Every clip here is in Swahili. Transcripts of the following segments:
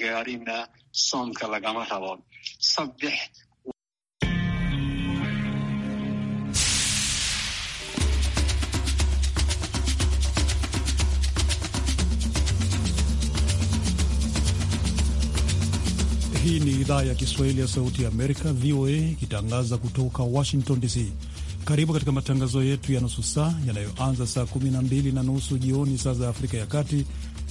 gaarina soonka lagama rabo saddex Hii ni idhaa ya Kiswahili ya Sauti ya Amerika, VOA, ikitangaza kutoka Washington DC. Karibu katika matangazo yetu ya nusu saa yanayoanza saa 12 na nusu jioni saa za Afrika ya Kati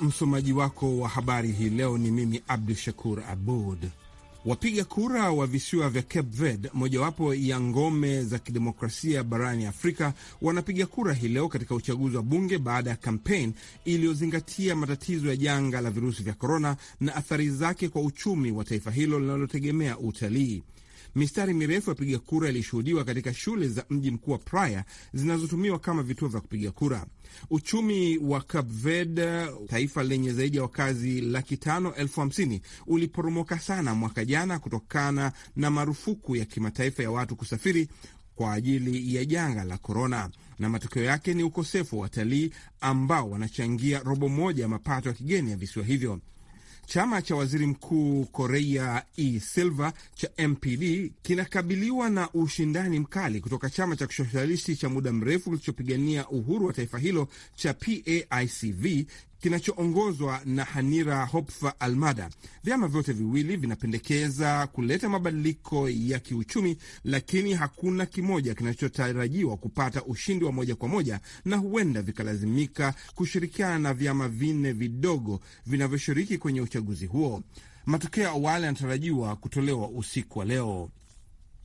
msomaji wako wa habari hii leo ni mimi Abdu Shakur Abud. Wapiga kura wa visiwa vya Cape Verde, mojawapo ya ngome za kidemokrasia barani Afrika, wanapiga kura hii leo katika uchaguzi wa bunge baada ya kampeni iliyozingatia matatizo ya janga la virusi vya korona na athari zake kwa uchumi wa taifa hilo linalotegemea utalii. Mistari mirefu ya piga kura ilishuhudiwa katika shule za mji mkuu wa Praia zinazotumiwa kama vituo vya kupiga kura. Uchumi wa Cape Verde, taifa lenye zaidi ya wakazi laki tano elfu hamsini uliporomoka sana mwaka jana kutokana na marufuku ya kimataifa ya watu kusafiri kwa ajili ya janga la korona, na matokeo yake ni ukosefu wa watalii ambao wanachangia robo moja ya mapato ya kigeni ya visiwa hivyo. Chama cha waziri mkuu Korea E Silva cha MPD kinakabiliwa na ushindani mkali kutoka chama cha kisosialisti cha muda mrefu kilichopigania uhuru wa taifa hilo cha PAICV kinachoongozwa na Hanira Hopfa Almada. Vyama vyote viwili vinapendekeza kuleta mabadiliko ya kiuchumi, lakini hakuna kimoja kinachotarajiwa kupata ushindi wa moja kwa moja, na huenda vikalazimika kushirikiana na vyama vinne vidogo vinavyoshiriki kwenye uchaguzi huo. Matokeo ya awali yanatarajiwa kutolewa usiku wa leo.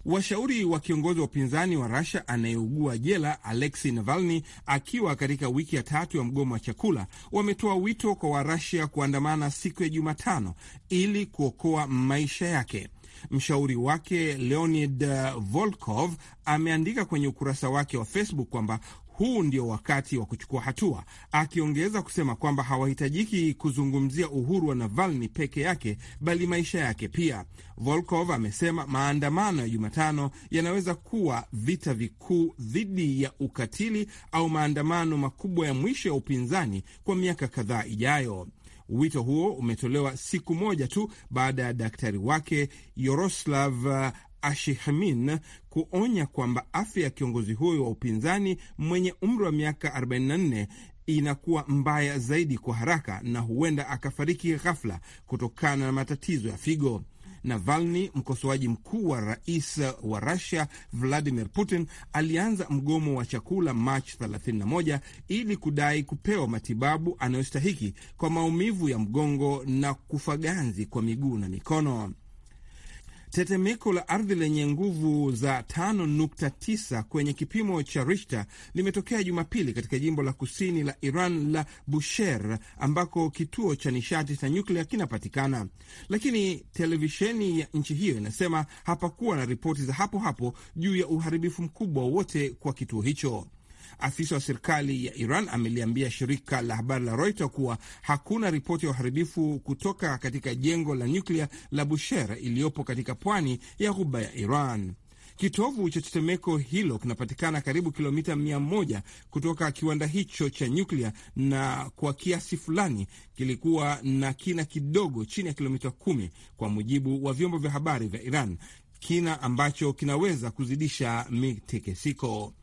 Washauri wa kiongozi wa upinzani wa rasia anayeugua jela Alexei Navalny akiwa katika wiki ya tatu ya mgomo wa chakula wametoa wito kwa warasia kuandamana siku ya Jumatano ili kuokoa maisha yake. Mshauri wake Leonid Volkov ameandika kwenye ukurasa wake wa Facebook kwamba huu ndio wakati wa kuchukua hatua, akiongeza kusema kwamba hawahitajiki kuzungumzia uhuru wa Navalny peke yake, bali maisha yake pia. Volkov amesema maandamano ya Jumatano yanaweza kuwa vita vikuu dhidi ya ukatili au maandamano makubwa ya mwisho ya upinzani kwa miaka kadhaa ijayo. Wito huo umetolewa siku moja tu baada ya daktari wake Yoroslav Ashihamin kuonya kwamba afya ya kiongozi huyo wa upinzani mwenye umri wa miaka 44 inakuwa mbaya zaidi kwa haraka na huenda akafariki ghafla kutokana na matatizo ya figo. Navalny, mkosoaji mkuu wa rais wa Rusia Vladimir Putin, alianza mgomo wa chakula Machi 31 ili kudai kupewa matibabu anayostahiki kwa maumivu ya mgongo na kufaganzi kwa miguu na mikono. Tetemeko la ardhi lenye nguvu za 5.9 kwenye kipimo cha Richter limetokea Jumapili katika jimbo la kusini la Iran la Bushehr ambako kituo cha nishati cha nyuklia kinapatikana, lakini televisheni ya nchi hiyo inasema hapakuwa na ripoti za hapo hapo juu ya uharibifu mkubwa wowote kwa kituo hicho. Afisa wa serikali ya Iran ameliambia shirika la habari la Reuters kuwa hakuna ripoti ya uharibifu kutoka katika jengo la nyuklia la Bushehr iliyopo katika pwani ya ghuba ya Iran. Kitovu cha tetemeko hilo kinapatikana karibu kilomita mia moja kutoka kiwanda hicho cha nyuklia na kwa kiasi fulani kilikuwa na kina kidogo chini ya kilomita kumi kwa mujibu wa vyombo vya habari vya Iran, kina ambacho kinaweza kuzidisha mitekesiko.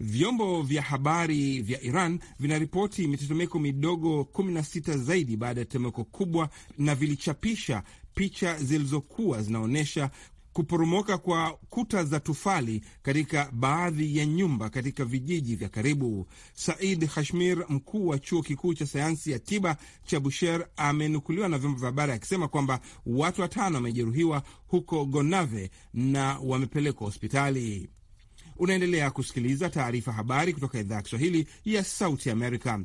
Vyombo vya habari vya Iran vinaripoti mitetemeko midogo 16 zaidi baada ya tetemeko kubwa, na vilichapisha picha zilizokuwa zinaonyesha kuporomoka kwa kuta za tufali katika baadhi ya nyumba katika vijiji vya karibu. Said Hashmir, mkuu wa chuo kikuu cha sayansi ya tiba cha Busher, amenukuliwa na vyombo vya habari akisema kwamba watu watano wamejeruhiwa huko Gonave na wamepelekwa hospitali. Unaendelea kusikiliza taarifa habari kutoka idhaa ya Kiswahili ya Sauti Amerika.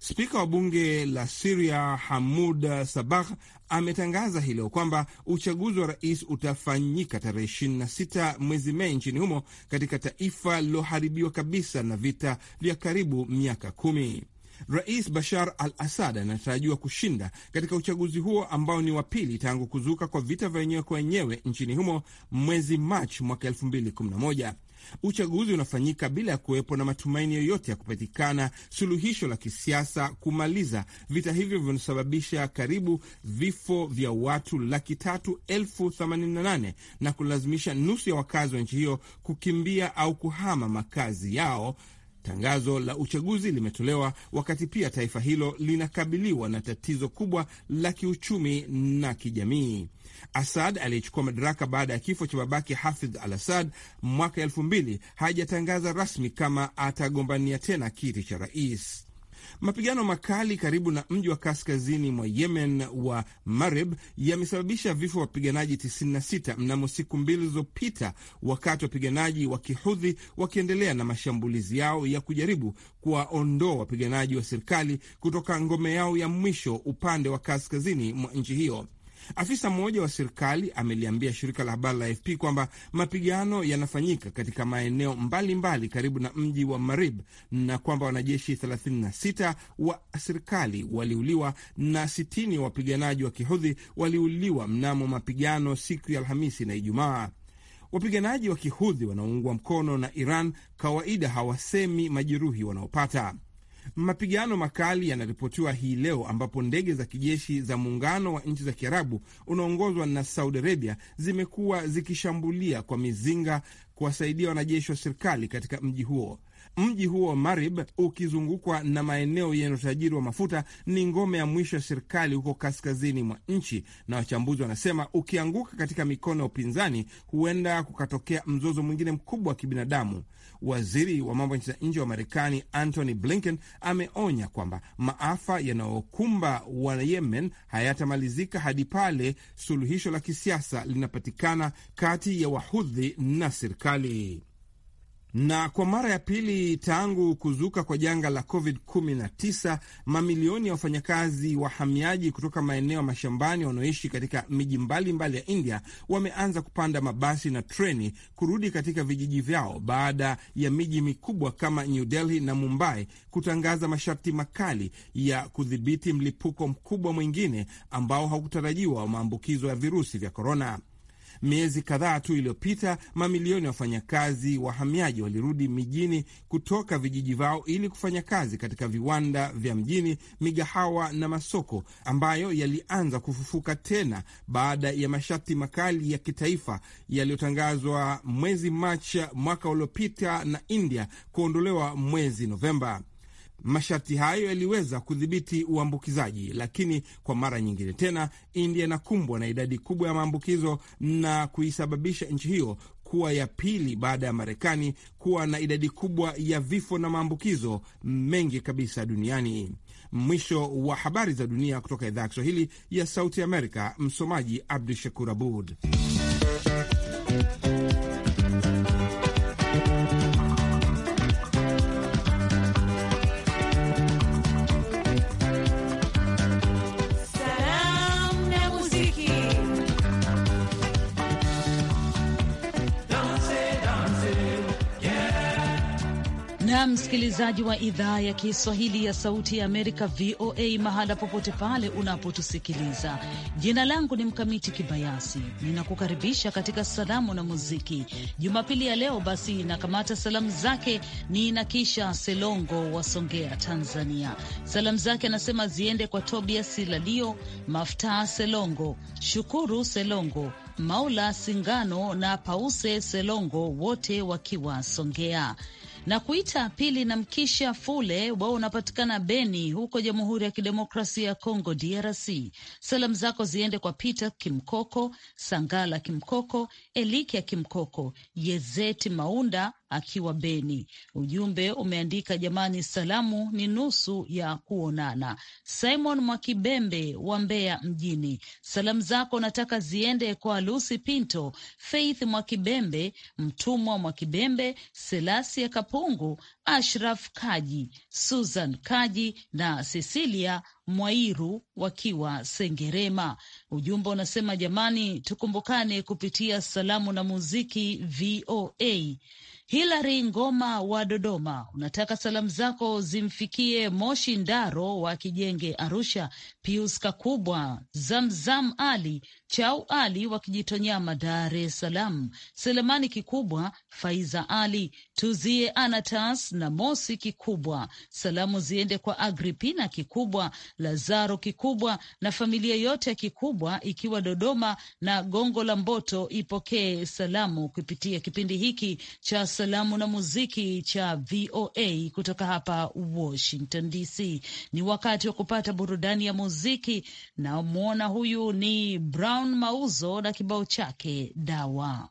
Spika wa bunge la Siria Hamud Sabah ametangaza hii leo kwamba uchaguzi wa rais utafanyika tarehe 26 mwezi Mei nchini humo katika taifa lililoharibiwa kabisa na vita vya karibu miaka kumi. Rais Bashar al Assad anatarajiwa kushinda katika uchaguzi huo ambao ni wa pili tangu kuzuka kwa vita vya wenyewe kwa wenyewe nchini humo mwezi Machi mwaka 2011 uchaguzi unafanyika bila ya kuwepo na matumaini yoyote ya kupatikana suluhisho la kisiasa kumaliza vita hivyo vinasababisha karibu vifo vya watu laki tatu elfu themanini na nane na kulazimisha nusu ya wakazi wa nchi hiyo kukimbia au kuhama makazi yao. Tangazo la uchaguzi limetolewa wakati pia taifa hilo linakabiliwa na tatizo kubwa la kiuchumi na kijamii. Asad aliyechukua madaraka baada ya kifo cha babake Hafidh al Asad mwaka elfu mbili hajatangaza rasmi kama atagombania tena kiti cha rais. Mapigano makali karibu na mji wa kaskazini mwa Yemen wa Marib yamesababisha vifo wapiganaji 96 mnamo siku mbili zilizopita, wakati wapiganaji wa kihudhi wakiendelea na mashambulizi yao ya kujaribu kuwaondoa wapiganaji wa serikali kutoka ngome yao ya mwisho upande wa kaskazini mwa nchi hiyo. Afisa mmoja wa serikali ameliambia shirika la habari la AFP kwamba mapigano yanafanyika katika maeneo mbalimbali mbali karibu na mji wa Marib na kwamba wanajeshi 36 wa serikali waliuliwa na 60 ya wapiganaji wa kihudhi waliuliwa mnamo mapigano siku ya Alhamisi na Ijumaa. Wapiganaji wa kihudhi wanaoungwa mkono na Iran kawaida hawasemi majeruhi wanaopata. Mapigano makali yanaripotiwa hii leo ambapo ndege za kijeshi za muungano wa nchi za Kiarabu unaongozwa na Saudi Arabia zimekuwa zikishambulia kwa mizinga kuwasaidia wanajeshi wa serikali katika mji huo. Mji huo Marib ukizungukwa na maeneo yenye utajiri wa mafuta ni ngome ya mwisho ya serikali huko kaskazini mwa nchi, na wachambuzi wanasema ukianguka katika mikono ya upinzani huenda kukatokea mzozo mwingine mkubwa wa kibinadamu. Waziri wa mambo ya nje wa Marekani Antony Blinken ameonya kwamba maafa yanayokumba wa Yemen hayatamalizika hadi pale suluhisho la kisiasa linapatikana kati ya Wahudhi na serikali. Na kwa mara ya pili tangu kuzuka kwa janga la COVID-19, mamilioni ya wafanyakazi wahamiaji kutoka maeneo ya mashambani wanaoishi katika miji mbalimbali ya India wameanza kupanda mabasi na treni kurudi katika vijiji vyao baada ya miji mikubwa kama New Delhi na Mumbai kutangaza masharti makali ya kudhibiti mlipuko mkubwa mwingine ambao haukutarajiwa wa maambukizo ya virusi vya korona. Miezi kadhaa tu iliyopita, mamilioni ya wafanyakazi wahamiaji walirudi mijini kutoka vijiji vyao ili kufanya kazi katika viwanda vya mjini, migahawa na masoko ambayo yalianza kufufuka tena baada ya masharti makali ya kitaifa yaliyotangazwa mwezi Machi mwaka uliopita na India kuondolewa mwezi Novemba. Masharti hayo yaliweza kudhibiti uambukizaji, lakini kwa mara nyingine tena India inakumbwa na idadi kubwa ya maambukizo na kuisababisha nchi hiyo kuwa ya pili baada ya Marekani kuwa na idadi kubwa ya vifo na maambukizo mengi kabisa duniani. Mwisho wa habari za dunia kutoka idhaa ya Kiswahili ya Sauti Amerika. Msomaji Abdu Shakur Abud. msikilizaji wa idhaa ya Kiswahili ya Sauti ya Amerika, VOA, mahala popote pale unapotusikiliza. Jina langu ni Mkamiti Kibayasi, ninakukaribisha katika Salamu na Muziki Jumapili ya leo. Basi nakamata salamu zake ni na kisha Selongo wa Songea, Tanzania. Salamu zake anasema ziende kwa Tobias Silalio, Maftaa Selongo, Shukuru Selongo, Maula Singano na Pause Selongo, wote wakiwa Songea na kuita pili na mkisha Fule wao unapatikana Beni huko Jamhuri ya Kidemokrasia ya Kongo DRC. Salamu zako ziende kwa Peter Kimkoko, Sangala Kimkoko, Elikia Kimkoko, Yezeti Maunda akiwa Beni. Ujumbe umeandika jamani, salamu ni nusu ya kuonana. Simon Mwakibembe wa Mbeya mjini, salamu zako nataka ziende kwa Lucy Pinto, Faith Mwakibembe, Mtumwa Mwakibembe, Selasia Kapungu, Ashraf Kaji, Susan Kaji na Cecilia Mwairu wakiwa Sengerema. Ujumbe unasema jamani, tukumbukane kupitia salamu na muziki VOA. Hilary Ngoma wa Dodoma unataka salamu zako zimfikie Moshi Ndaro wa Kijenge Arusha, Pius Kakubwa, Zamzam Ali Chau Ali wa Kijitonyama, Dar es Salaam, Selemani Kikubwa, Faiza Ali, Tuzie Anatas na Mosi Kikubwa. Salamu ziende kwa Agripina Kikubwa, Lazaro Kikubwa na familia yote ya Kikubwa ikiwa Dodoma na Gongo la Mboto, ipokee salamu kupitia kipindi hiki cha salamu na muziki cha VOA kutoka hapa Washington DC. Ni wakati wa kupata burudani ya muziki. Namwona huyu ni Brown Brown Mauzo na kibao chake dawa.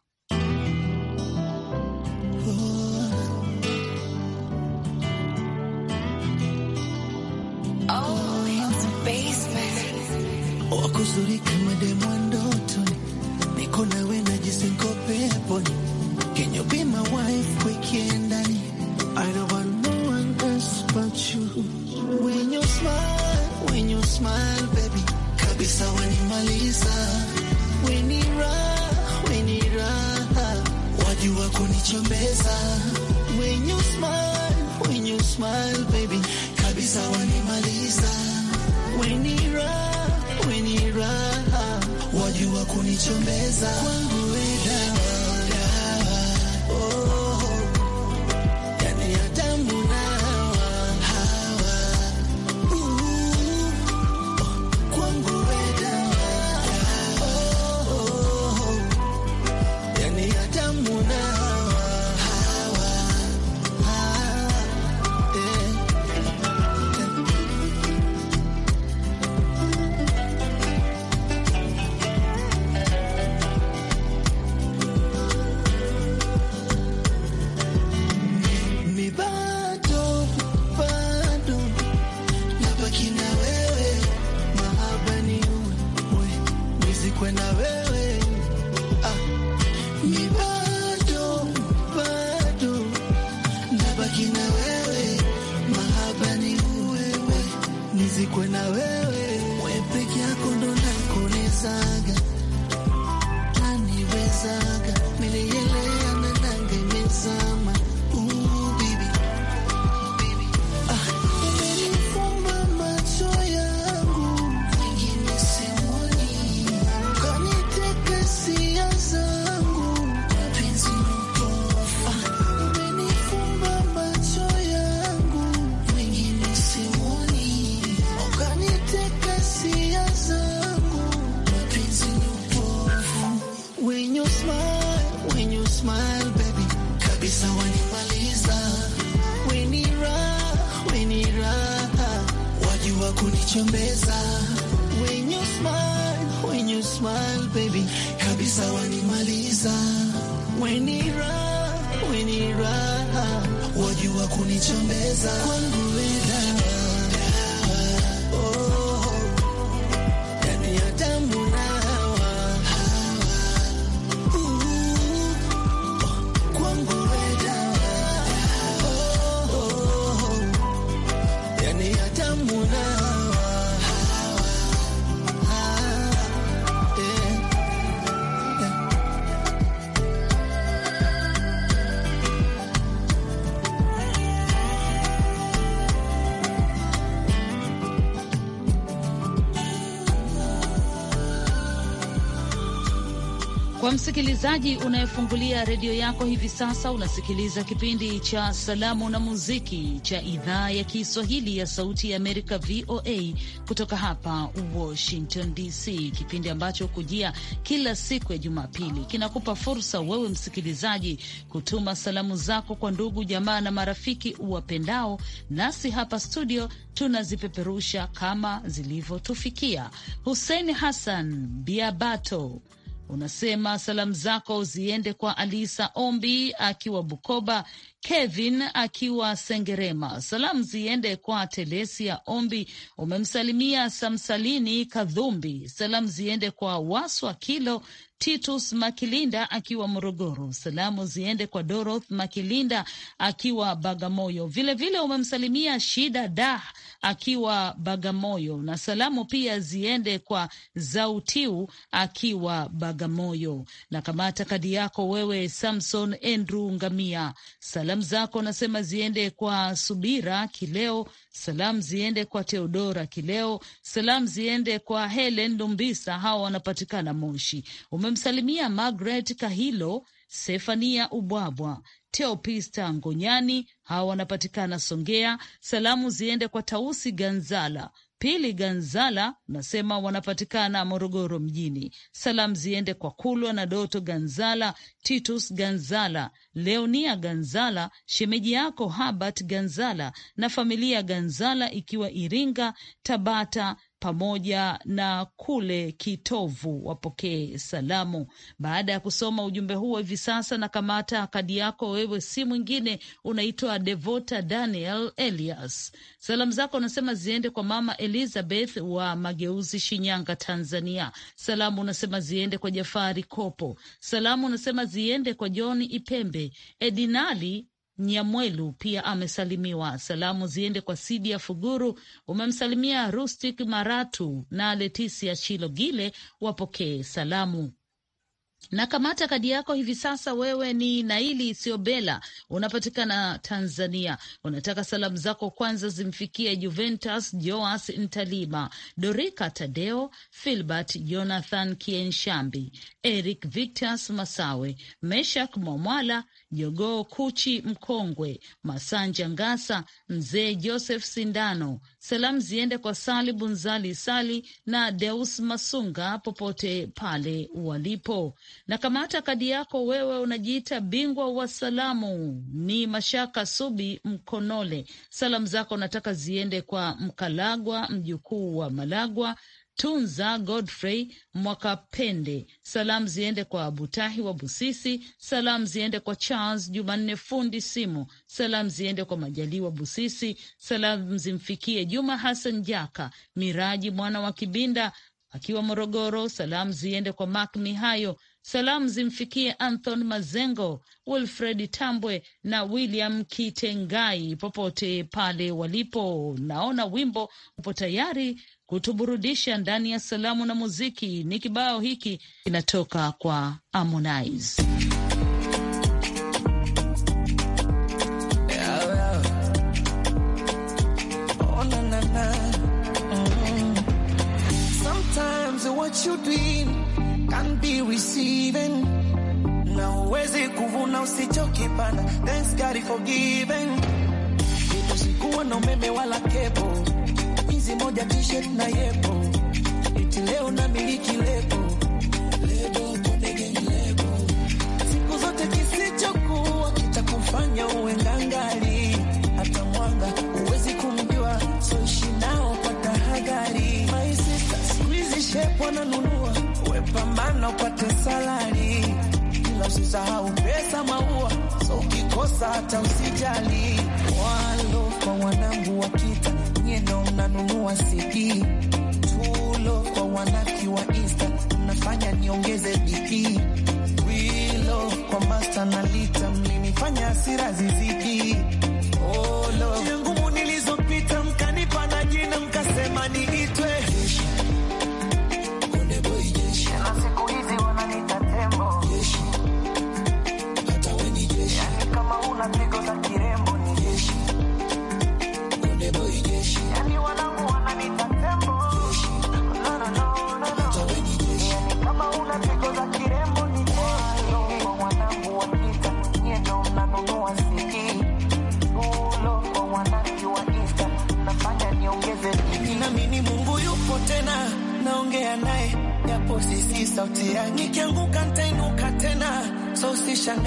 Wakuzuri kama demo ndotoni, niko nawe peponi, be my wife I don't want no one else but you. When you smile, when you smile baby, kabisa wanimaliza unanipendeza when you smile, when you smile baby, kabisa wanimaliza wenira wenira, wajua kunichombeza kwangu Msikilizaji unayefungulia redio yako hivi sasa, unasikiliza kipindi cha Salamu na Muziki cha idhaa ya Kiswahili ya Sauti ya Amerika, VOA, kutoka hapa Washington DC, kipindi ambacho hukujia kila siku ya Jumapili. Kinakupa fursa wewe msikilizaji kutuma salamu zako kwa ndugu, jamaa na marafiki uwapendao, nasi hapa studio tunazipeperusha kama zilivyotufikia. Hussein Hassan Biabato Unasema salamu zako ziende kwa Alisa Ombi akiwa Bukoba, Kevin akiwa Sengerema. Salamu ziende kwa Telesia Ombi, umemsalimia Samsalini Kadhumbi. Salamu ziende kwa Waswa Kilo Titus Makilinda akiwa Morogoro. Salamu ziende kwa Doroth Makilinda akiwa Bagamoyo. Vilevile vile umemsalimia Shida Dah akiwa Bagamoyo, na salamu pia ziende kwa Zautiu akiwa Bagamoyo. Na kamata kadi yako wewe, Samson Andrew Ngamia. Salamu Salamu zako nasema ziende kwa Subira Kileo, salamu ziende kwa Teodora Kileo, salamu ziende kwa Helen Lumbisa, hawa wanapatikana Moshi. Umemsalimia Margaret Kahilo, Sefania Ubwabwa, Teopista Ngonyani, hawa wanapatikana Songea. Salamu ziende kwa Tausi Ganzala Pili Ganzala unasema wanapatikana Morogoro mjini. Salamu ziende kwa Kulwa na Doto Ganzala, Titus Ganzala, Leonia Ganzala, shemeji yako Habert Ganzala na familia Ganzala, ikiwa Iringa, Tabata pamoja na kule kitovu wapokee salamu. Baada ya kusoma ujumbe huo, hivi sasa na kamata kadi yako wewe, si mwingine unaitwa Devota Daniel Elias. Salamu zako unasema ziende kwa mama Elizabeth wa Mageuzi, Shinyanga, Tanzania. Salamu unasema ziende kwa Jafari Kopo. Salamu unasema ziende kwa John Ipembe, Edinali Nyamwelu pia amesalimiwa. Salamu ziende kwa sidi ya Fuguru, umemsalimia Rustic Maratu na Letisia Chilogile, wapokee salamu. Na kamata kadi yako hivi sasa. Wewe ni Naili Siobela, unapatikana Tanzania. Unataka salamu zako kwanza zimfikie Juventus Joas Ntalima, Dorika Tadeo, Filbert Jonathan Kienshambi, Eric Victas Masawe, Meshak Mwamwala, Jogoo Kuchi Mkongwe, Masanja Ngasa, Mzee Joseph Sindano, Salamu ziende kwa Sali Bunzali Sali na Deus Masunga popote pale walipo. Na kamata kadi yako wewe, unajiita bingwa wa salamu, ni Mashaka Subi Mkonole. Salamu zako nataka ziende kwa Mkalagwa mjukuu wa Malagwa Tunza Godfrey Mwakapende, salamu ziende kwa Abutahi wa Busisi, salamu ziende kwa Charles Jumanne fundi simu, salamu ziende kwa Majaliwa Busisi, salamu zimfikie Juma Hassan Jaka Miraji mwana wa Kibinda akiwa Morogoro, salamu ziende kwa Mak Mihayo Salamu zimfikie Anthony Mazengo, Wilfred Tambwe na William Kitengai popote pale walipo. Naona wimbo upo tayari kutuburudisha ndani ya salamu na muziki. Ni kibao hiki kinatoka kwa Harmonize. Yeah, well. oh, and be receiving. Na uwezi kuvuna usichokipanda, thanks God for giving. Sikuwa na umeme wala kepo, hizi moja t-shirt na yepo, iti leo na miliki lepo, lebo kodegeni lebo, siku zote kisichokuwa kitakufanya uwe ngangali, hata mwanga uwezi kumjua, so ishi nao kwa tahadhari. My sister, squeeze shape wananunua na upate salari, ila usisahau pesa maua, so ukikosa hata usijali. Walo kwa wanangu kita nyeno, mnanunua CD tulo kwa wanaki wa Insta, mnafanya niongeze bidii. Wilo kwa masta na lita, mlinifanya hasira ziziki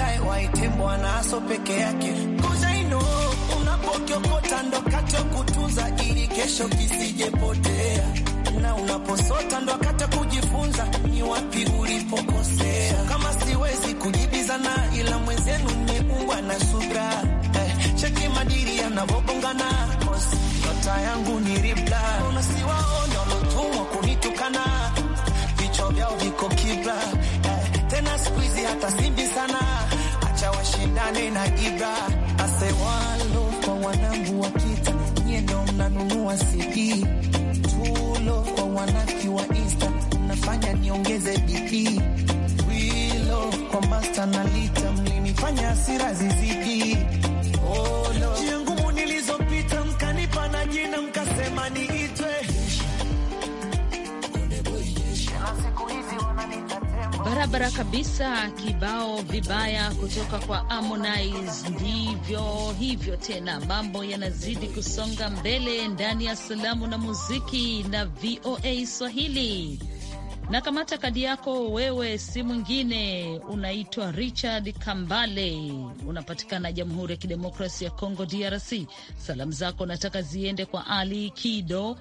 baadaye waitembwa na aso peke yake kuzaino unapokiokota ndo kati ya kutunza ili kesho kisijepotea, na unaposota ndo kati kujifunza ni wapi ulipokosea. Kama siwezi kujibizana, ila mwenzenu mmeungwa na subra eh, cheki madiri yanavogongana nyota yangu ni ribla unasiwaona walotumwa kunitukana vichwa vyao viko kibla eh, tena siku hizi hata simbi sana nane na giba asewalo kwa wanangu wa kita nyendo mnanunua CD tulo kwa wanaki wa insta mnafanya niongeze bidii wilo kwa masta na lita mlinifanya asira zizidi olo njia ngumu nilizopita mkanipa na jina mkasema ni barabara kabisa. Kibao vibaya kutoka kwa Harmonize. Ndivyo hivyo tena, mambo yanazidi kusonga mbele ndani ya salamu na muziki na VOA Swahili. Na kamata kadi yako wewe, si mwingine unaitwa Richard Kambale, unapatikana Jamhuri ya Kidemokrasi ya congo DRC. Salamu zako nataka ziende kwa Ali Kido,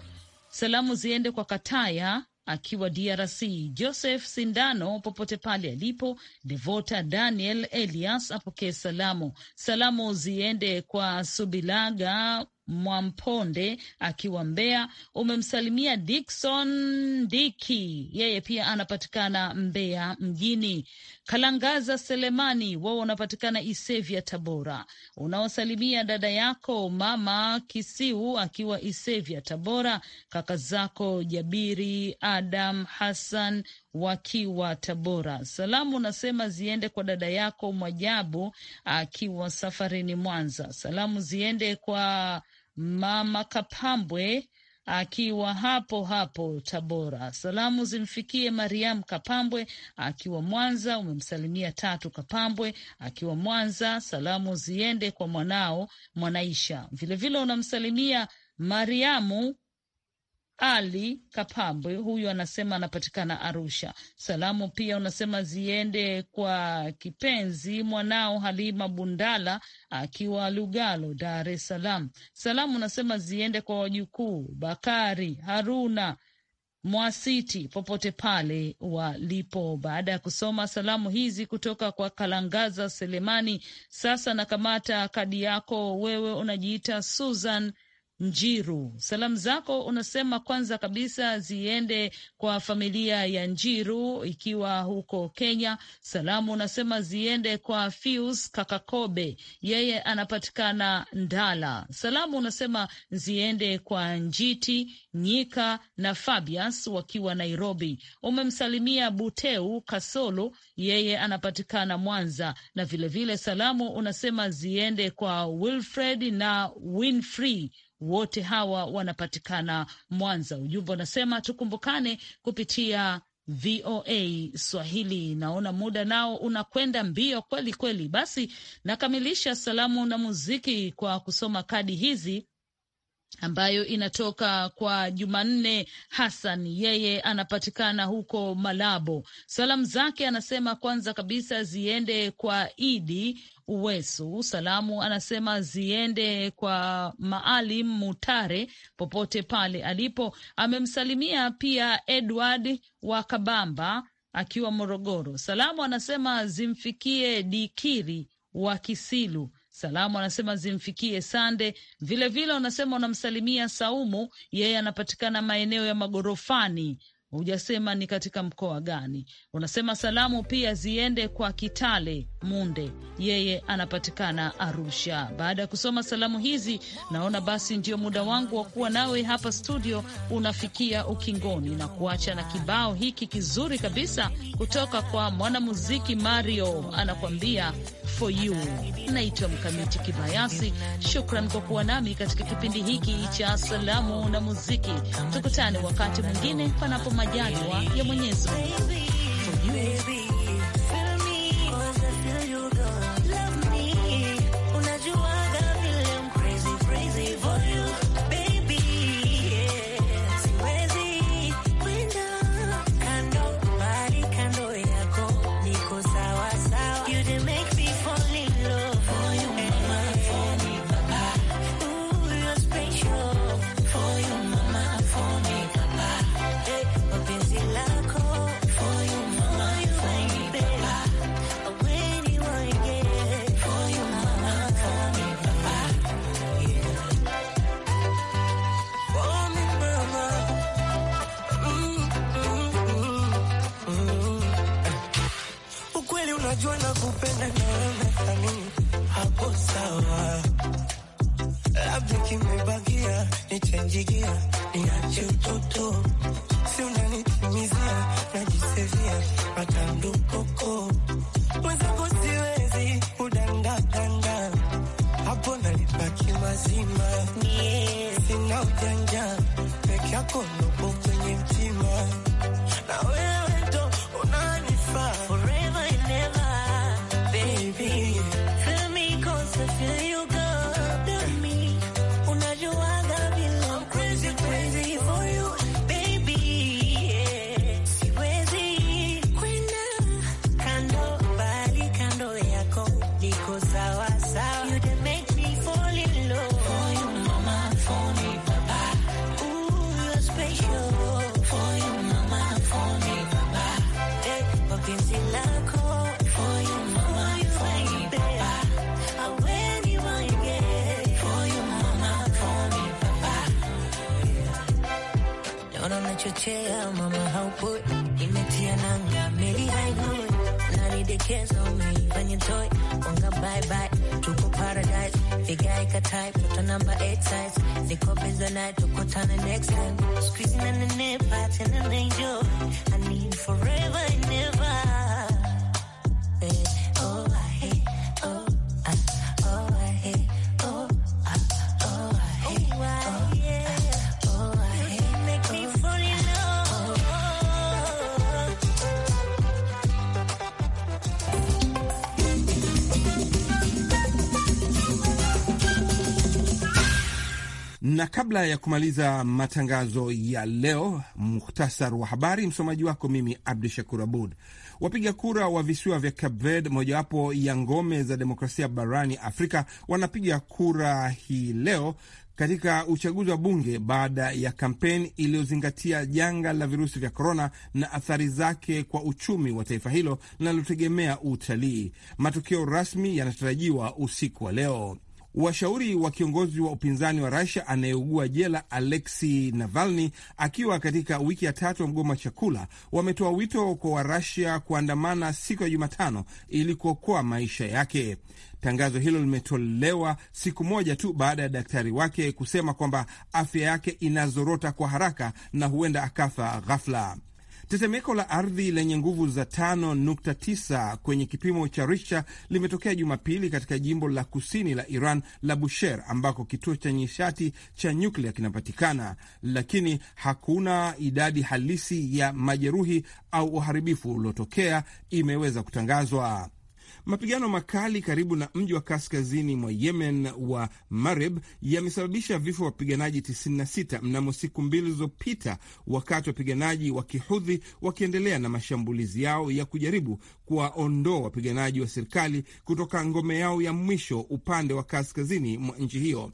salamu ziende kwa Kataya akiwa DRC, Joseph Sindano popote pale alipo, Devota Daniel Elias apokee salamu. Salamu ziende kwa Subilaga Mwamponde akiwa Mbeya, umemsalimia dikson Diki, yeye pia anapatikana Mbeya mjini. Kalangaza Selemani, wao wanapatikana Isevya, Tabora. Unaosalimia dada yako mama Kisiu akiwa Isevya, Tabora, kaka zako Jabiri, Adam, Hassan, wakiwa Tabora. Salamu nasema ziende kwa dada yako Mwajabu akiwa safarini Mwanza. Salamu ziende kwa mama Kapambwe akiwa hapo hapo Tabora. Salamu zimfikie Mariam Kapambwe akiwa Mwanza. Umemsalimia Tatu Kapambwe akiwa Mwanza. Salamu ziende kwa mwanao Mwanaisha, vilevile unamsalimia Mariamu ali Kapambwe huyu anasema anapatikana Arusha. Salamu pia unasema ziende kwa kipenzi mwanao Halima Bundala akiwa Lugalo, Dar es Salaam. Salamu unasema ziende kwa wajukuu Bakari, Haruna Mwasiti popote pale walipo. Baada ya kusoma salamu hizi kutoka kwa Kalangaza Selemani, sasa nakamata kadi yako. Wewe unajiita Susan Njiru, salamu zako unasema kwanza kabisa ziende kwa familia ya Njiru ikiwa huko Kenya. Salamu unasema ziende kwa Fius Kakakobe, yeye anapatikana Ndala. Salamu unasema ziende kwa Njiti Nyika na Fabius wakiwa Nairobi. Umemsalimia Buteu Kasolo, yeye anapatikana Mwanza, na vilevile vile salamu unasema ziende kwa Wilfred na Winfrey wote hawa wanapatikana Mwanza. Ujumbe unasema tukumbukane kupitia VOA Swahili. Naona muda nao unakwenda mbio kweli kweli. Basi nakamilisha salamu na muziki kwa kusoma kadi hizi ambayo inatoka kwa Jumanne Hassan. Yeye anapatikana huko Malabo. Salamu zake anasema kwanza kabisa ziende kwa Idi Uwesu. Salamu anasema ziende kwa Maalim Mutare popote pale alipo. Amemsalimia pia Edward wa Kabamba akiwa Morogoro. Salamu anasema zimfikie Dikiri wa Kisilu Salamu anasema zimfikie Sande. Vilevile wanasema unamsalimia Saumu, yeye anapatikana maeneo ya magorofani hujasema ni katika mkoa gani. Unasema salamu pia ziende kwa Kitale Munde, yeye anapatikana Arusha. Baada ya kusoma salamu hizi, naona basi ndio muda wangu wa kuwa nawe hapa studio unafikia ukingoni, na kuacha na kibao hiki kizuri kabisa kutoka kwa mwanamuziki Mario, anakuambia for you. Naitwa Mkamiti Kibayasi, shukran kwa kuwa nami katika kipindi hiki cha salamu na muziki. Tukutane wakati mwingine panapo majaliwa ya Mwenyezi Mungu. kunichochea mama haupoi, imetia nanga meli haigoi, unanidekeza umeifanya toy wanga bye bye, tuko paradise vigae katai toto namba excise niko bezanai tukutana next time squeezing in the nip I need forever Na kabla ya kumaliza matangazo ya leo, muhtasar wa habari. Msomaji wako mimi Abdu Shakur Abud. Wapiga kura wa visiwa vya Cape Verde, mojawapo ya ngome za demokrasia barani Afrika, wanapiga kura hii leo katika uchaguzi wa bunge baada ya kampeni iliyozingatia janga la virusi vya korona na athari zake kwa uchumi wa taifa hilo linalotegemea utalii. Matokeo rasmi yanatarajiwa usiku wa leo. Washauri wa kiongozi wa upinzani wa Rasia anayeugua jela Alexei Navalny akiwa katika wiki ya tatu ya mgomo wa chakula wametoa wito kwa Warasia kuandamana siku ya Jumatano ili kuokoa maisha yake. Tangazo hilo limetolewa siku moja tu baada ya daktari wake kusema kwamba afya yake inazorota kwa haraka na huenda akafa ghafla. Tetemeko la ardhi lenye nguvu za 5.9 kwenye kipimo cha Richter limetokea Jumapili katika jimbo la kusini la Iran la Bushehr, ambako kituo cha nishati cha nyuklia kinapatikana, lakini hakuna idadi halisi ya majeruhi au uharibifu uliotokea imeweza kutangazwa. Mapigano makali karibu na mji wa kaskazini mwa Yemen wa Marib yamesababisha vifo vya wapiganaji 96 mnamo siku mbili zilizopita, wakati wapiganaji wa kihudhi wakiendelea na mashambulizi yao ya kujaribu kuwaondoa wapiganaji wa serikali kutoka ngome yao ya mwisho upande wa kaskazini mwa nchi hiyo.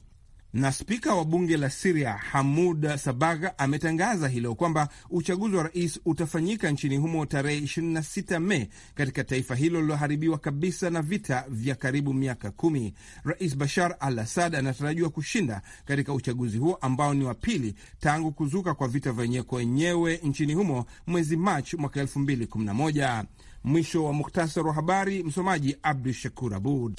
Na spika wa bunge la Siria hamud Sabaga ametangaza hilo kwamba uchaguzi wa rais utafanyika nchini humo tarehe 26 Mei katika taifa hilo liloharibiwa kabisa na vita vya karibu miaka kumi. Rais Bashar al Assad anatarajiwa kushinda katika uchaguzi huo ambao ni wa pili tangu kuzuka kwa vita vyenyewe kwa wenyewe nchini humo mwezi Machi mwaka 2011. Mwisho wa muktasari wa habari. Msomaji Abdu Shakur Abud.